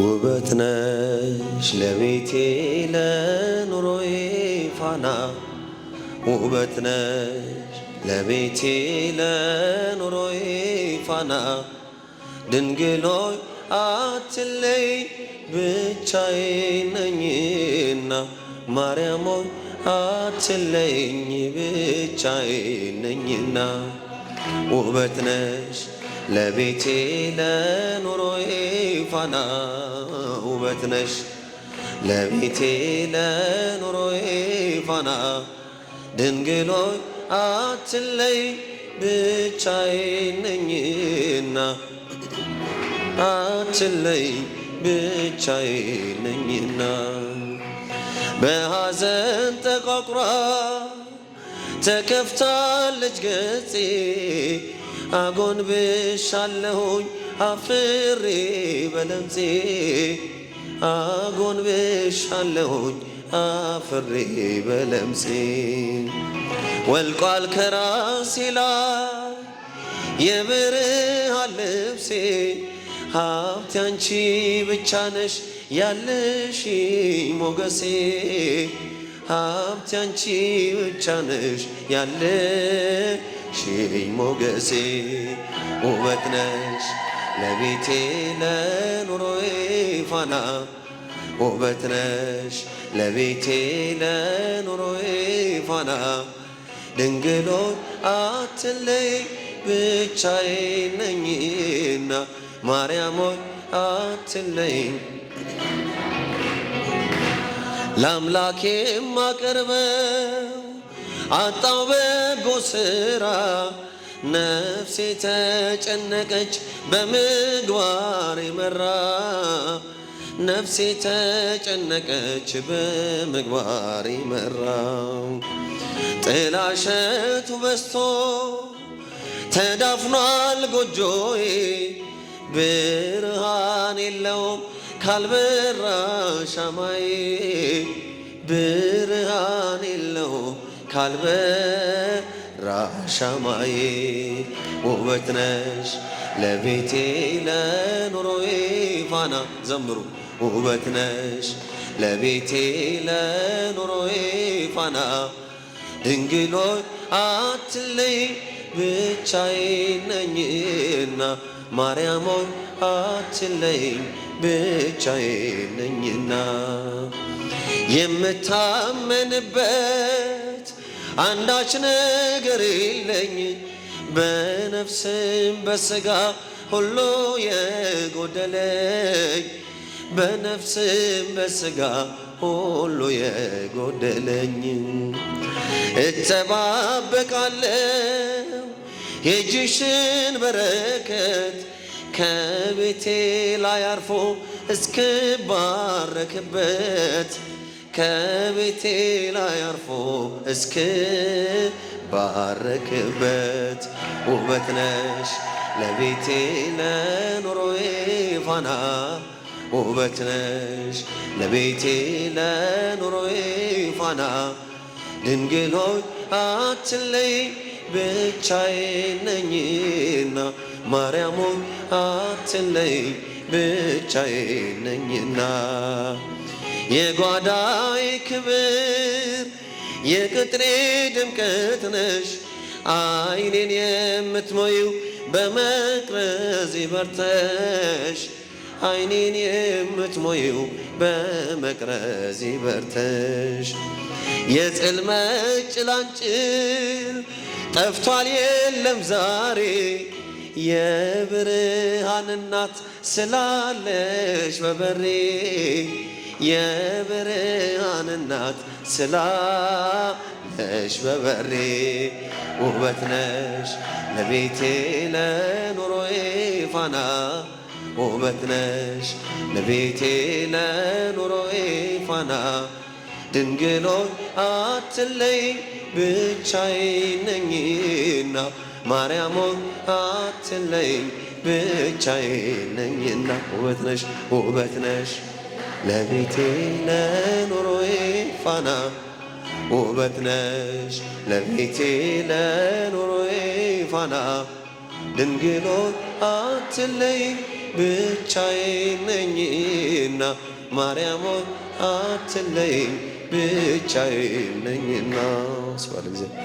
ውበት ነሽ ለቤቴ ለኑሮዬ ፋና ውበት ነሽ ለቤቴ ለኑሮዬ ፋና ድንግሎይ አትለይ ብቻዬ ነኝና ማርያሞይ አትለይኝ ብቻዬ ነኝና ውበት ነሽ ለቤቴ ለኑሮዬ ፋና ውበት ነሽ ለቤቴ ለኑሮዬ ፋና ድንግሎይ አትለይ ብቻዬ ነኝና አትለይ ብቻዬ በሐዘን ተቋቁራ ተከፍታለች ገጼ አጎንብሻለሁኝ አፍሬ በለምጼ አጎንብሻለሁኝ አፍሬ በለምጼ ወልቋል ከራሴ ላይ የብርሃን ልብሴ ሀብቴ አንቺ ብቻ ነሽ ያለሽ ሞገሴ ሀብቴ አንቺ ብቻ ነሽ ያለሽ ሞገሴ ውበት ነሽ ለቤቴ ለኑሮዬ ፋና ውበት ነሽ ለቤቴ ለኑሮዬ ፋና ድንግሎይ አትለይ ብቻዬ ነኝና ማርያም አትለይ ለአምላኬ ማቀርበው አጣው በጎ ስራ ነፍሴ ተጨነቀች በምግባር መራ ነፍሴ ተጨነቀች በምግባር መራው ጥላሸቱ በስቶ ተዳፍኗል ጎጆዬ ብርሃን የለውም ካልበራ ሻማዬ ብርሃን የለው ካልበራ ሻማዬ ውበት ነሽ ለቤቴ ለኑሮዬ ፋና ዘምሩ ውበት ነሽ ለቤቴ ለኑሮዬ ፋና ድንግሎይ አትለይ ብቻዬን ነኝና ማርያም ሆይ አትለይኝ፣ ብቻዬን ነኝና የምታመንበት አንዳች ነገር የለኝ በነፍስም በስጋ ሁሉ የጎደለኝ በነፍስም በስጋ። ሁሉ የጎደለኝ እጠባበቃለሁ የእጅሽን በረከት ከቤቴ ላይ አርፎ እስክባረክበት ከቤቴ ላይ አርፎ እስክባረክበት ውበት ነሽ ለቤቴ ለኑሮዬ ፋና ውበት ነሽ ለቤቴ ለኑሮዬ ፋና ድንግል ሆይ አትለይ ብቻዬ ነኝና ማርያም ሆይ አትለይ ብቻዬ ነኝና የጓዳዬ ክብር የቅጥሬ ድምቀት ነሽ አይኔን የምትሞዪው በመቅረዝ ይበርተሽ አይኔን የምትሞይው በመቅረዝ ይበርተሽ የጽልመት ጭላንጭል ጠፍቷል የለም ዛሬ የብርሃን እናት ስላለሽ በበሬ የብርሃን እናት ስላለሽ በበሬ ውበት ነሽ ለቤቴ ለኑሮዬ ፋና ውበት ነሽ ለቤቴ ለኑሮዬ ፋና ድንግሎይ አትለይ ብቻዬ ነኝና ማርያሞ አትለይ ብቻዬ ነኝና ውበት ነሽ ውበት ነሽ ለቤቴ ለኑሮዬ ፋና ውበት ነሽ ለቤቴ ለኑሮዬ ፋና ድንግሎይ አትለይ ብቻዬን ነኝና ማርያም አትለይ አትለይኝ ነኝና ስባል ጊዜ